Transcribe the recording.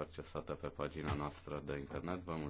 accesată pe pagina noastră de internet. Vă mulțumesc!